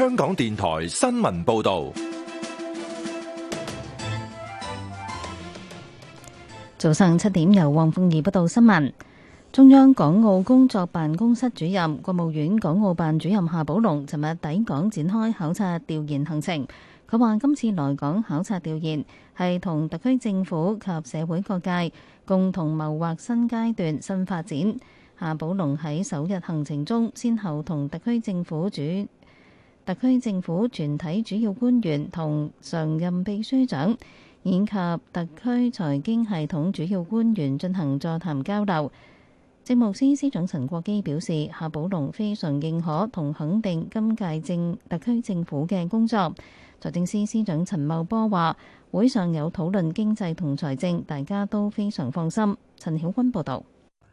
香港電台新聞報道，早上七點由王鳳儀報道新聞。中央港澳工作辦公室主任、國務院港澳辦主任夏寶龍尋日抵港展開考察調研行程。佢話今次來港考察調研係同特區政府及社會各界共同謀劃新階段新發展。夏寶龍喺首日行程中先後同特區政府主特區政府全體主要官員同常任秘書長，以及特區財經系統主要官員進行座談交流。政務司司長陳國基表示，夏寶龍非常認可同肯定今屆政特區政府嘅工作。財政司司長陳茂波話，會上有討論經濟同財政，大家都非常放心。陳曉君報導。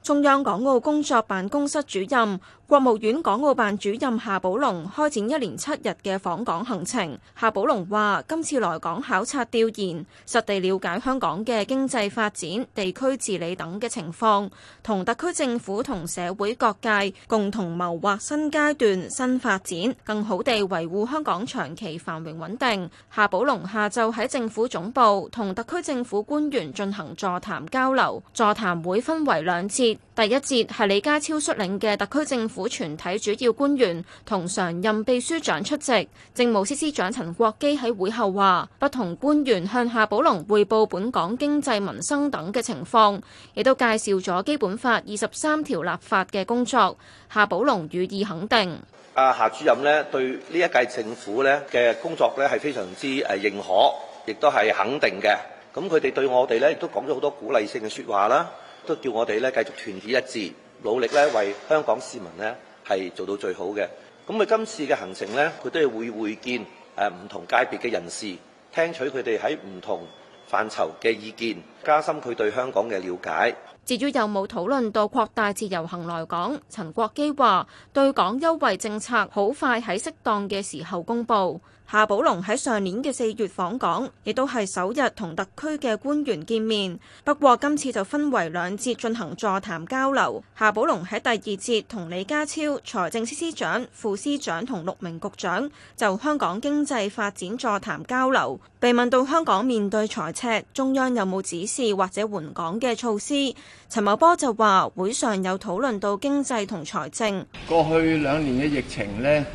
中央港澳工作辦公室主任。國務院港澳辦主任夏寶龍開展一連七日嘅訪港行程。夏寶龍話：今次來港考察調研，實地了解香港嘅經濟發展、地區治理等嘅情況，同特區政府同社會各界共同謀劃新階段新發展，更好地維護香港長期繁榮穩定。夏寶龍下晝喺政府總部同特區政府官員進行座談交流。座談會分為兩節，第一節係李家超率領嘅特區政府。府全體主要官員同常任秘書長出席，政務司司長陳國基喺會後話：不同官員向夏寶龍匯報本港經濟、民生等嘅情況，亦都介紹咗《基本法》二十三條立法嘅工作。夏寶龍予以肯定。阿夏主任呢對呢一屆政府呢嘅工作呢係非常之誒認可，亦都係肯定嘅。咁佢哋對我哋呢亦都講咗好多鼓勵性嘅說話啦，都叫我哋呢繼續團結一致。努力咧，為香港市民呢，係做到最好嘅。咁佢今次嘅行程呢，佢都係會會見誒唔同界別嘅人士，聽取佢哋喺唔同範疇嘅意見，加深佢對香港嘅了解。至於有冇討論到擴大自由行來港，陳國基話對港優惠政策好快喺適當嘅時候公布。夏寶龍喺上年嘅四月訪港，亦都係首日同特區嘅官員見面。不過今次就分為兩節進行座談交流。夏寶龍喺第二節同李家超、財政司司長、副司長同六名局長就香港經濟發展座談交流。被問到香港面對財赤，中央有冇指示或者援港嘅措施，陳茂波就話會上有討論到經濟同財政。過去兩年嘅疫情呢，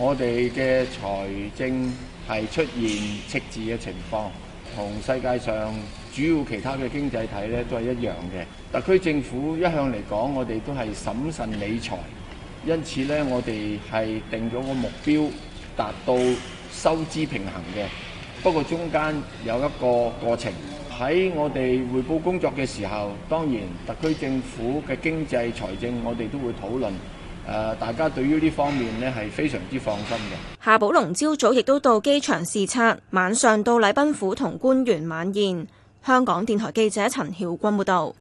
我哋嘅財政係出現赤字嘅情況，同世界上主要其他嘅經濟體呢都係一樣嘅。特區政府一向嚟講，我哋都係審慎理財，因此呢，我哋係定咗個目標，達到收支平衡嘅。不過，中間有一個過程，喺我哋匯報工作嘅時候，當然特區政府嘅經濟財政，我哋都會討論。誒，大家對於呢方面呢係非常之放心嘅。夏寶龍朝早亦都到機場視察，晚上到禮賓府同官員晚宴。香港電台記者陳曉君報道。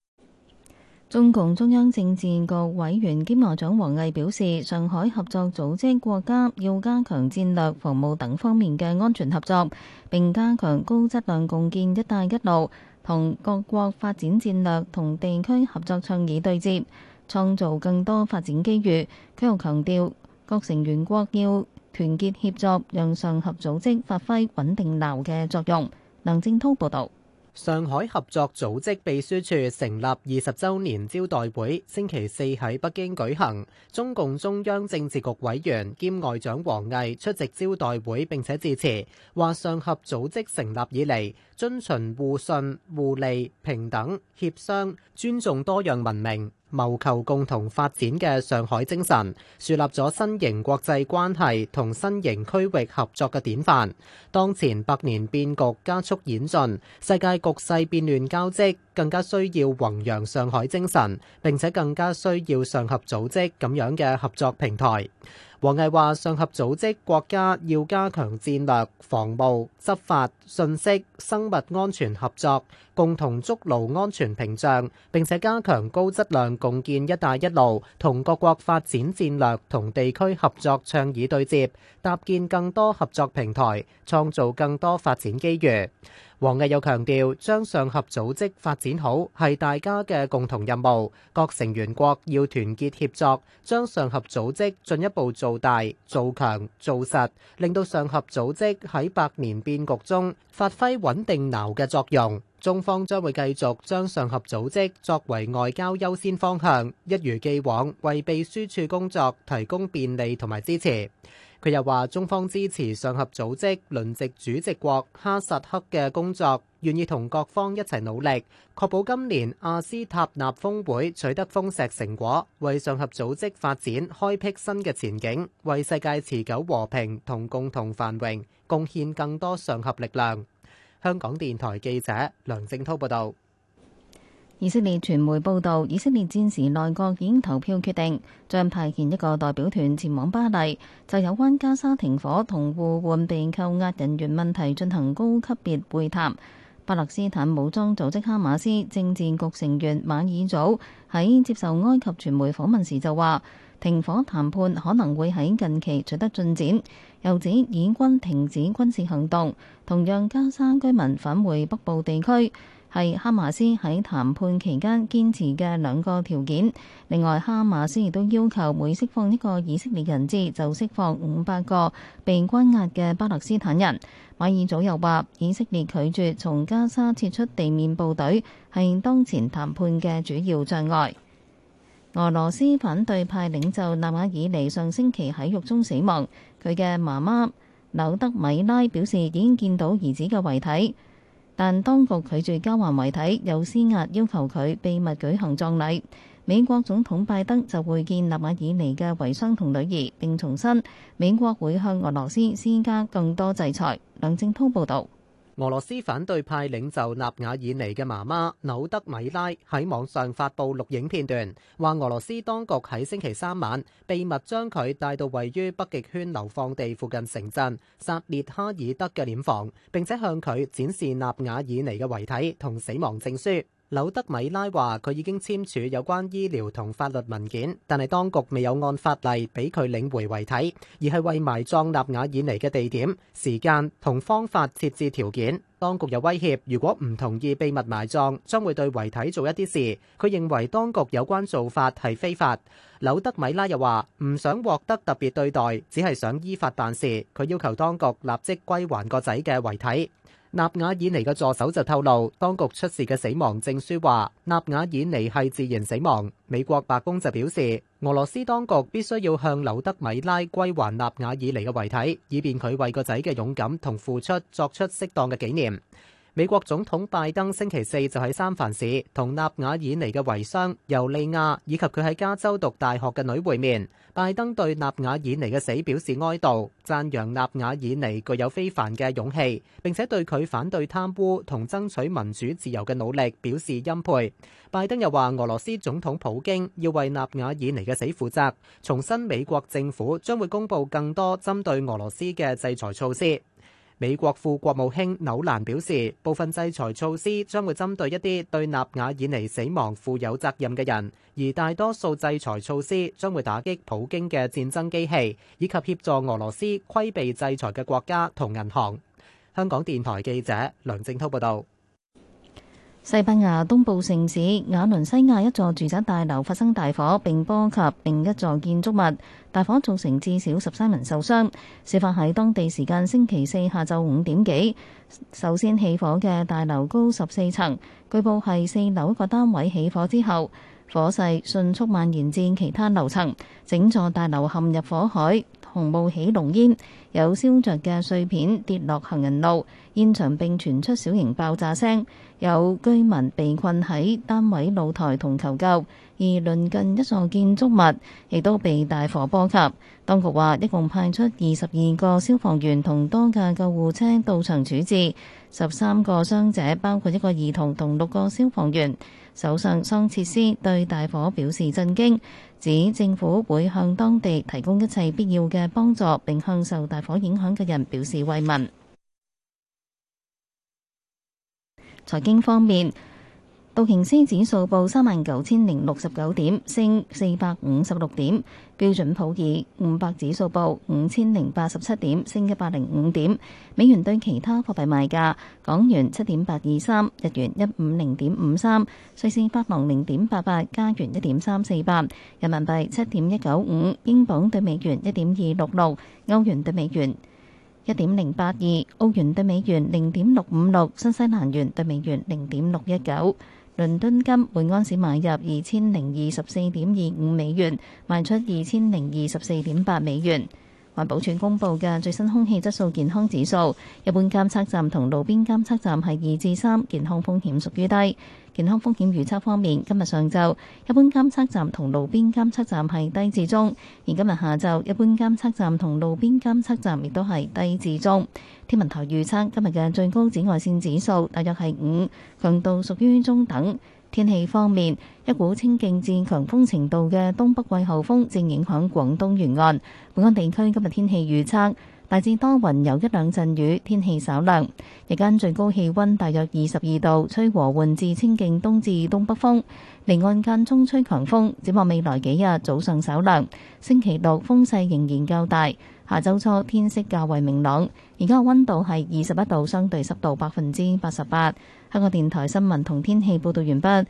中共中央政治局委員兼外長王毅表示，上海合作組織國家要加強戰略防務等方面嘅安全合作，並加強高質量共建“一帶一路”同各國發展戰略同地區合作倡議對接。創造更多發展機遇。佢又強調，各成員國要團結協作，讓上合組織發揮穩定錨嘅作用。梁正濤報導，上海合作組織秘書處成立二十週年招待會星期四喺北京舉行，中共中央政治局委員兼外長王毅出席招待會並且致辭，話上合組織成立以嚟，遵循互信、互利、平等、協商、尊重多樣文明、謀求共同發展嘅上海精神，樹立咗新型國際關係同新型區域合作嘅典範。當前百年變局加速演進，世界局勢變亂交織，更加需要弘揚上海精神，並且更加需要上合組織咁樣嘅合作平台。王毅話：上合組織國家要加強戰略、防務、執法、信息、生物安全合作，共同築牢安全屏障；並且加強高質量共建“一帶一路”，同各國發展戰略同地區合作倡議對接，搭建更多合作平台，創造更多發展機遇。王毅又強調，將上合組織發展好係大家嘅共同任務，各成員國要團結協作，將上合組織進一步做大、做強、做實，令到上合組織喺百年變局中發揮穩定錨嘅作用。中方將會繼續將上合組織作為外交優先方向，一如既往為秘書處工作提供便利同埋支持。佢又話：中方支持上合組織輪值主席國哈薩克嘅工作，願意同各方一齊努力，確保今年阿斯塔納峰會取得豐碩成果，為上合組織發展開辟新嘅前景，為世界持久和平同共同繁榮貢獻更多上合力量。香港電台記者梁正滔報導。以色列傳媒報道，以色列戰時內閣已經投票決定，將派遣一個代表團前往巴黎，就有關加沙停火同互換被扣押人員問題進行高級別會談。巴勒斯坦武裝組織哈馬斯政治局成員馬爾祖喺接受埃及傳媒訪問時就話，停火談判可能會喺近期取得進展，又指以軍停止軍事行動，同樣加沙居民返回北部地區，係哈馬斯喺談判期間堅持嘅兩個條件。另外，哈馬斯亦都要求每釋放一個以色列人質，就釋放五百個被關押嘅巴勒斯坦人。馬爾祖又話：以色列拒絕從加沙撤出地面部隊，係當前談判嘅主要障礙。俄羅斯反對派領袖納瓦爾尼上星期喺獄中死亡，佢嘅媽媽柳德米拉表示已經見到兒子嘅遺體。但當局拒絕交還遺體，又施壓要求佢秘密舉行葬禮。美國總統拜登就會見納馬爾尼嘅遺孀同女兒，並重申美國會向俄羅斯施加更多制裁。梁正滔報導。俄羅斯反對派領袖納瓦爾尼嘅媽媽紐德米拉喺網上發布錄影片段，話俄羅斯當局喺星期三晚秘密將佢帶到位於北極圈流放地附近城鎮薩列哈爾德嘅殮房，並且向佢展示納瓦爾尼嘅遺體同死亡證書。柳德米拉話佢已經簽署有關醫療同法律文件，但係當局未有按法例俾佢領回遺體，而係為埋葬納瓦爾尼嘅地點、時間同方法設置條件。當局有威脅，如果唔同意秘密埋葬，將會對遺體做一啲事。佢認為當局有關做法係非法。柳德米拉又話唔想獲得特別對待，只係想依法辦事。佢要求當局立即歸還個仔嘅遺體。納瓦爾尼嘅助手就透露，當局出示嘅死亡證書話納瓦爾尼係自然死亡。美國白宮就表示，俄羅斯當局必須要向柳德米拉歸還納瓦爾尼嘅遺體，以便佢為個仔嘅勇敢同付出作出適當嘅紀念。美國總統拜登星期四就喺三藩市同納瓦爾尼嘅遺孀尤利婭以及佢喺加州讀大學嘅女會面。拜登對納瓦爾尼嘅死表示哀悼，讚揚納瓦爾尼具有非凡嘅勇氣，並且對佢反對貪污同爭取民主自由嘅努力表示欽佩。拜登又話，俄羅斯總統普京要為納瓦爾尼嘅死負責，重申美國政府將會公布更多針對俄羅斯嘅制裁措施。美國副國務卿紐蘭表示，部分制裁措施將會針對一啲對納瓦爾尼死亡負有責任嘅人，而大多數制裁措施將會打擊普京嘅戰爭機器，以及協助俄羅斯規避制裁嘅國家同銀行。香港電台記者梁正滔報道。西班牙東部城市瓦倫西亞一座住宅大樓發生大火，並波及另一座建築物。大火造成至少十三人受傷。事發喺當地時間星期四下晝五點幾。首先起火嘅大樓高十四層，據報係四樓一個單位起火之後，火勢迅速蔓延至其他樓層，整座大樓陷入火海。冒起濃煙，有燒着嘅碎片跌落行人路，現場並傳出小型爆炸聲，有居民被困喺單位露台同求救，而鄰近一座建築物亦都被大火波及。當局話，一共派出二十二個消防員同多架救護車到場處置，十三個傷者，包括一個兒童同六個消防員。首相桑切斯對大火表示震驚，指政府會向當地提供一切必要嘅幫助，並向受大火影響嘅人表示慰問。財經方面。道瓊斯指數報三萬九千零六十九點，升四百五十六點。標準普爾五百指數報五千零八十七點，升一百零五點。美元對其他貨幣賣價：港元七點八二三，日元一五零點五三，瑞士法郎零點八八，加元一點三四八，人民幣七點一九五，英鎊對美元一點二六六，歐元對美元一點零八二，澳元對美元零點六五六，新西蘭元對美元零點六一九。倫敦金每安士買入二千零二十四點二五美元，賣出二千零二十四點八美元。環保署公布嘅最新空氣質素健康指數，一般監測站同路邊監測站係二至三，健康風險屬於低。健康風險預測方面，今日上晝一般監測站同路邊監測站係低至中。而今日下晝一般監測站同路邊監測站亦都係低至中。天文台預測今日嘅最高紫外線指數大約係五，強度屬於中等。天氣方面，一股清勁至強風程度嘅東北季候風正影響廣東沿岸。本港地區今日天氣預測。大致多雲，有一兩陣雨，天氣稍涼。日間最高氣溫大約二十二度，吹和緩至清勁東至東北風。離岸間中吹強風。展望未來幾日早上稍涼，星期六風勢仍然較大。下周初天色較為明朗。而家嘅溫度係二十一度，相對濕度百分之八十八。香港電台新聞同天氣報道完畢。